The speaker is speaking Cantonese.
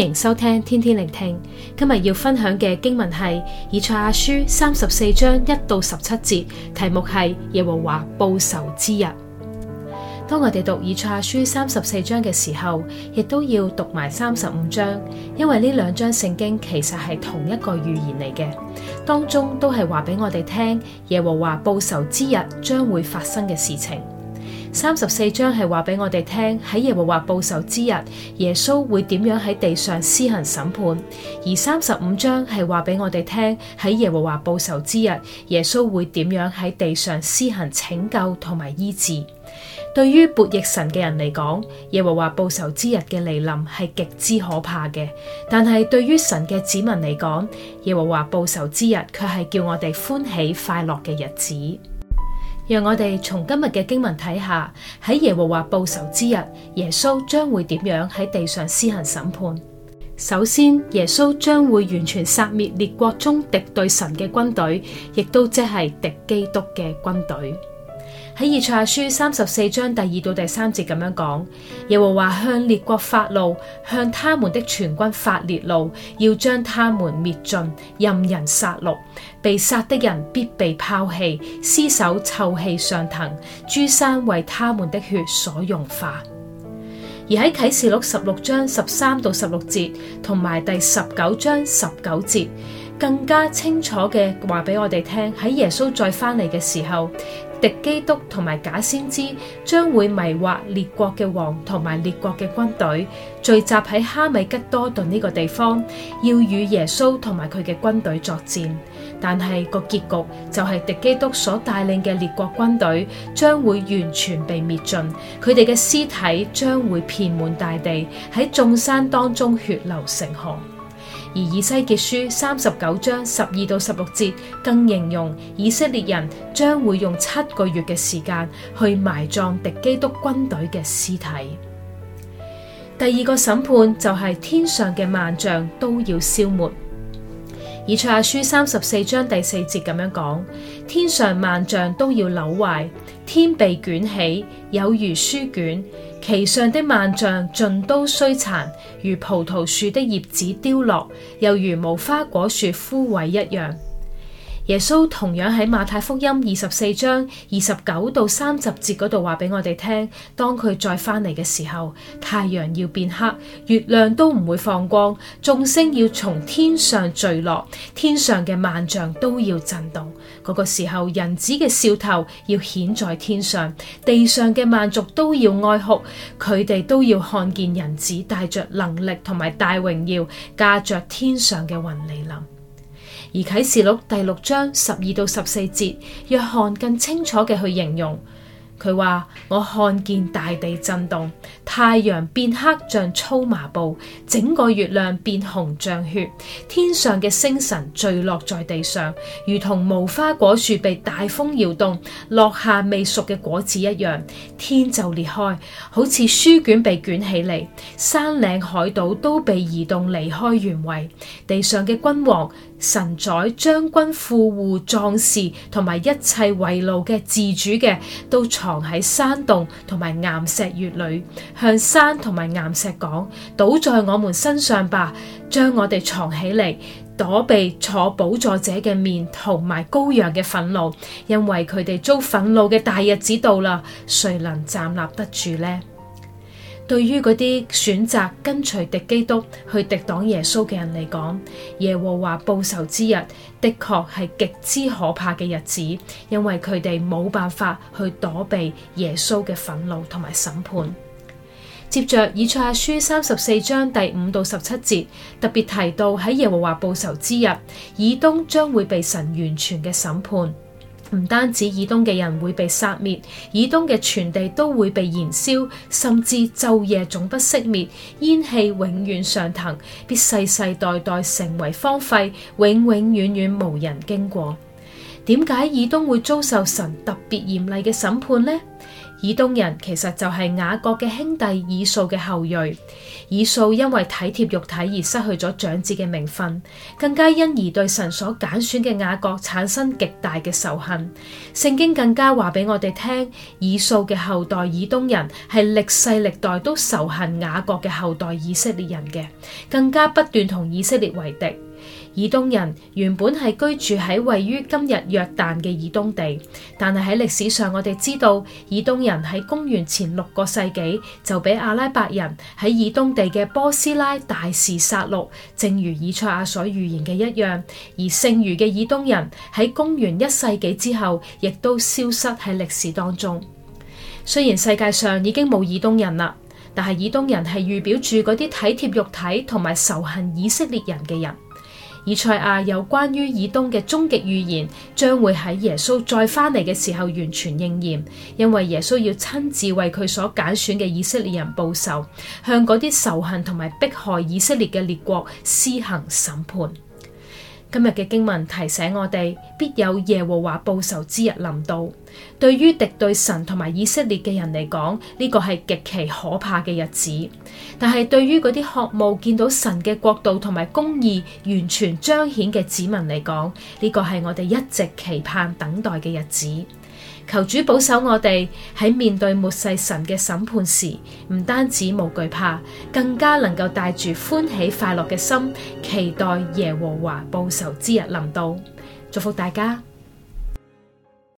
歡迎收聽天天靈聽，今日要分享嘅經文係以賽亞書三十四章一到十七節，題目係耶和華報仇之日。當我哋讀以賽亞書三十四章嘅時候，亦都要讀埋三十五章，因為呢兩章聖經其實係同一個預言嚟嘅，當中都係話俾我哋聽耶和華報仇之日將會發生嘅事情。三十四章係話俾我哋聽喺耶和華報仇之日，耶穌會點樣喺地上施行審判；而三十五章係話俾我哋聽喺耶和華報仇之日，耶穌會點樣喺地上施行拯救同埋醫治。對於悖逆神嘅人嚟講，耶和華報仇之日嘅嚟臨係極之可怕嘅；但係對於神嘅子民嚟講，耶和華報仇之日卻係叫我哋歡喜快樂嘅日子。讓我哋從今日嘅經文睇下，喺耶和華報仇之日，耶穌將會點樣喺地上施行審判？首先，耶穌將會完全殺滅列國中敵對神嘅軍隊，亦都即係敵基督嘅軍隊。喺以賽亞書三十四章第二到第三節咁樣講，耶和華向列國發怒，向他們的全軍發烈怒，要將他們滅盡，任人殺戮。被殺的人必被拋棄，屍首臭氣上騰，諸山為他們的血所融化。而喺啟示錄十六章十三到十六節，同埋第十九章十九節。更加清楚嘅話俾我哋聽，喺耶穌再翻嚟嘅時候，敵基督同埋假先知將會迷惑列國嘅王同埋列國嘅軍隊，聚集喺哈米吉多頓呢個地方，要與耶穌同埋佢嘅軍隊作戰。但係個結局就係敵基督所帶領嘅列國軍隊將會完全被滅盡，佢哋嘅屍體將會遍滿大地，喺眾山當中血流成河。而以西結書三十九章十二到十六節更形容以色列人將會用七個月嘅時間去埋葬敵基督軍隊嘅屍體。第二個審判就係天上嘅萬象都要消沒。以賽亞書三十四章第四節咁樣講：天上萬象都要朽壞，天被捲起，有如書卷。其上的萬象盡都衰殘，如葡萄樹的葉子凋落，又如無花果樹枯萎一樣。耶穌同樣喺馬太福音二十四章二十九到三十節嗰度話俾我哋聽，當佢再返嚟嘅時候，太陽要變黑，月亮都唔會放光，眾星要從天上墜落，天上嘅萬象都要震動。嗰個時候，人子嘅兆頭要顯在天上，地上嘅萬族都要哀哭，佢哋都要看見人子帶着能力同埋大榮耀，駕着天上嘅雲嚟臨。而啟示錄第六章十二到十四節，約翰更清楚嘅去形容。佢話：我看見大地震動，太陽變黑像粗麻布，整個月亮變紅像血，天上嘅星辰墜落在地上，如同無花果樹被大風搖動落下未熟嘅果子一樣。天就裂開，好似書卷被捲起嚟，山嶺海島都被移動離開原位。地上嘅君王、臣宰、將軍、富戶、壯士同埋一切為奴嘅自主嘅都藏喺山洞同埋岩石穴裏，向山同埋岩石講：倒在我們身上吧，將我哋藏起嚟，躲避坐寶座者嘅面同埋羔羊嘅憤怒，因為佢哋遭憤怒嘅大日子到啦，誰能站立得住呢？對於嗰啲選擇跟隨敵基督去敵擋耶穌嘅人嚟講，耶和華報仇之日的確係極之可怕嘅日子，因為佢哋冇辦法去躲避耶穌嘅憤怒同埋審判。 接着以賽亞書三十四章第五到十七節特別提到，喺耶和華報仇之日，以東將會被神完全嘅審判。唔單止以東嘅人會被殺滅，以東嘅全地都會被燃燒，甚至晝夜總不熄滅，煙氣永遠上騰，必世世代代成為荒廢，永永遠遠，遠遠無人經過。點解以東會遭受神特別嚴厲嘅審判呢？以東人其實就係雅各嘅兄弟以掃嘅後裔。以掃因為體貼肉體而失去咗長子嘅名分，更加因而對神所揀選嘅雅各產生極大嘅仇恨。聖經更加話俾我哋聽，以掃嘅後代以東人係歷世歷代都仇恨雅各嘅後代以色列人嘅，更加不斷同以色列為敵。以東人原本係居住喺位於今日約旦嘅以東地，但係喺歷史上，我哋知道以東人喺公元前六個世紀就俾阿拉伯人喺以東地嘅波斯拉大肆殺戮，正如以賽亞所預言嘅一樣。而剩餘嘅以東人喺公元一世紀之後，亦都消失喺歷史當中。雖然世界上已經冇以東人啦，但係以東人係預表住嗰啲體貼肉體同埋仇恨以色列人嘅人。以賽亞有關於以東嘅終極預言，將會喺耶穌再翻嚟嘅時候完全應驗，因為耶穌要親自為佢所揀選嘅以色列人報仇，向嗰啲仇恨同埋迫害以色列嘅列國施行審判。今日嘅經文提醒我哋，必有耶和華報仇之日臨到。對於敵對神同埋以色列嘅人嚟講，呢、這個係極其可怕嘅日子；但係對於嗰啲渴望見到神嘅國度同埋公義完全彰顯嘅子民嚟講，呢、這個係我哋一直期盼等待嘅日子。求主保守我哋喺面對末世神嘅審判時，唔單止無懼怕，更加能夠帶住歡喜快樂嘅心，期待耶和華報仇之日臨到。祝福大家。